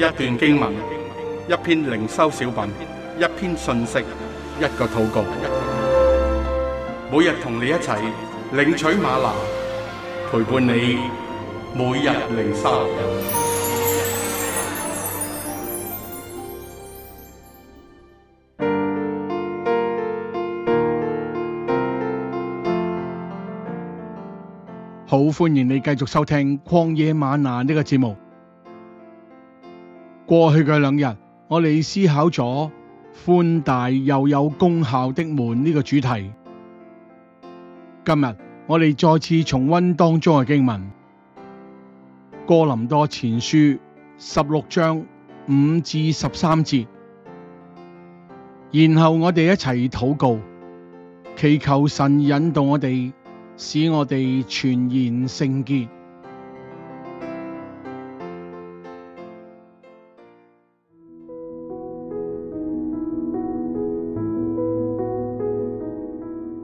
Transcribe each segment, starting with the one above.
一段經文，一篇靈修小品，一篇信息，一個禱告。每日同你一齊領取嗎哪，陪伴你每日靈修。好，歡迎你繼續收聽《曠野嗎哪》呢個節目。過去嘅兩日，我哋思考咗寬大又有功效的門呢個主題。今日我哋再次重温當中嘅經文《哥林多前書》十六章五至十三節，然後我哋一齊禱告，祈求神引導我哋，使我哋全然聖潔。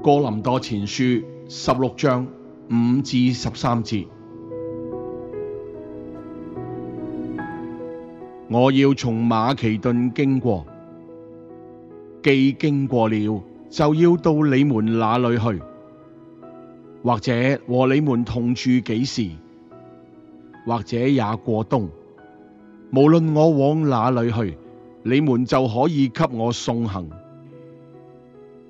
哥林多前書十六章五至十三節。我要從馬其頓經過，既經過了，就要到你們那裏去，或者和你們同住幾時，或者也過冬。無論我往哪裏去，你們就可以給我送行。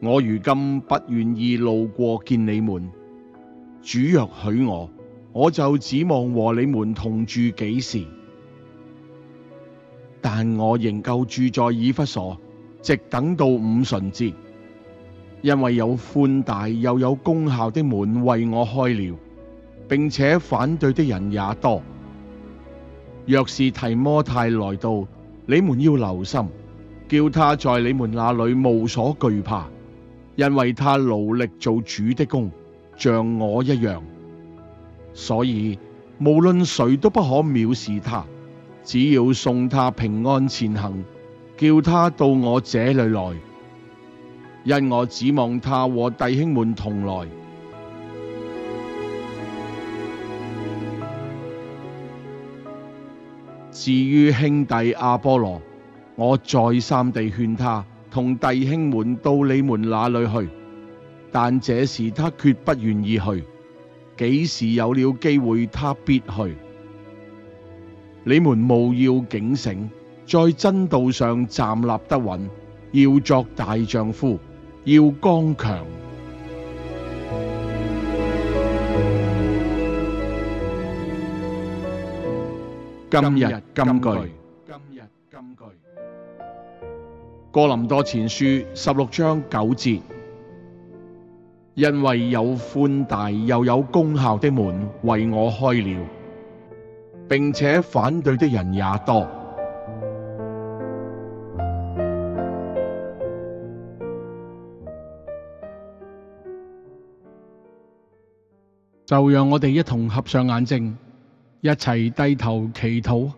我如今不願意路過見你們，主若許我，我就指望和你們同住幾時。但我仍舊住在以弗所，直等到五旬節，因為有寬大又有功效的門為我開了，並且反對的人也多。若是提摩太來到，你們要留心，叫他在你們那裏無所懼怕。因為他勞力做主的工，像我一樣，所以無論誰都不可藐視他。只要送他平安前行，叫他到我這裏來，因我指望他和弟兄們同來。至於兄弟阿波羅，我再三地勸他。同弟兄們到你們那裏去，但這時他決不願意去。幾時有了機會，他必去。你們務要警醒，在真道上站立得穩，要作大丈夫，要剛強。今日金句。今日金句。哥林多前書十六章九節，因為有寬大又有功效的門為我開了，並且反對的人也多，就讓我哋一同合上眼睛，一齊低頭祈禱。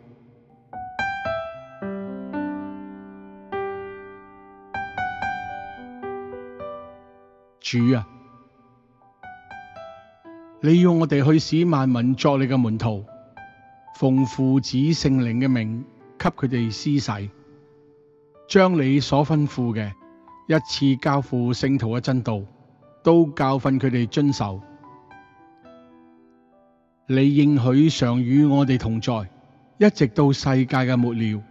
主啊，你要我哋去使萬民作你嘅門徒，奉父子聖靈嘅命給佢哋施洗，將你所吩咐嘅一次交付聖徒嘅真道，都教訓佢哋遵守。你應許常與我哋同在，一直到世界嘅末了。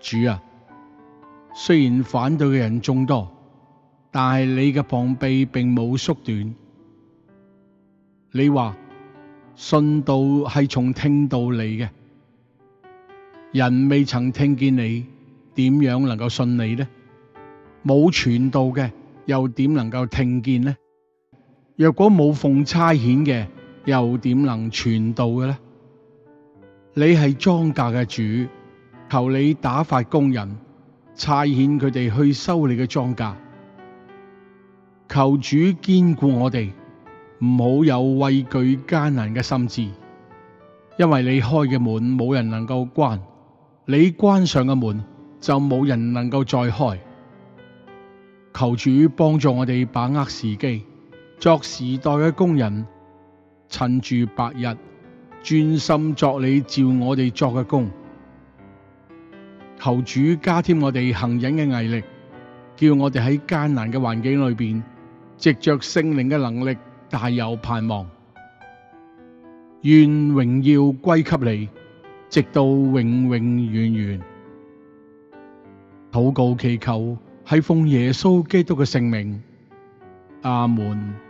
主啊，雖然反對嘅人眾多。但係你嘅膀臂並冇縮短。你話信道係從聽到你嘅，人未曾聽見你，點樣能夠信你呢？冇傳道嘅，又點能夠聽見呢？若果冇奉差遣嘅，又點能傳道嘅咧？你係莊稼嘅主，求你打發工人差遣佢哋去收你嘅莊稼。求主堅固我哋，唔好有畏懼艱難嘅心志，因為你開嘅門冇人能夠關，你關上嘅門就冇人能夠再開。求主幫助我哋把握時機，作時代嘅工人，趁住白日專心作你召我哋作嘅工。求主加添我哋行忍嘅毅力，叫我哋喺艱難嘅環境裏邊，藉着聖靈嘅能力，大有盼望，願榮耀歸給你，直到永永遠遠。禱告祈求係奉耶穌基督嘅聖名，阿門。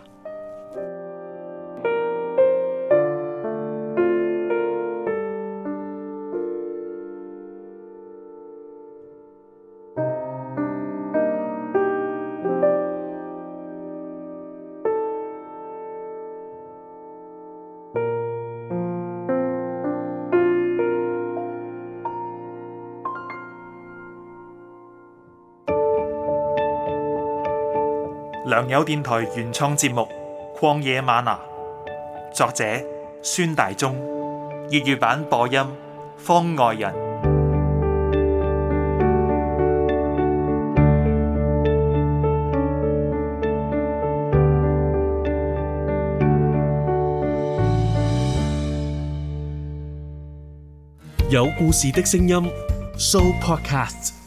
良友電台原創節目《曠野嗎哪》，作者孫大中，粵語版播音方外人，有故事的聲音，Show Podcast。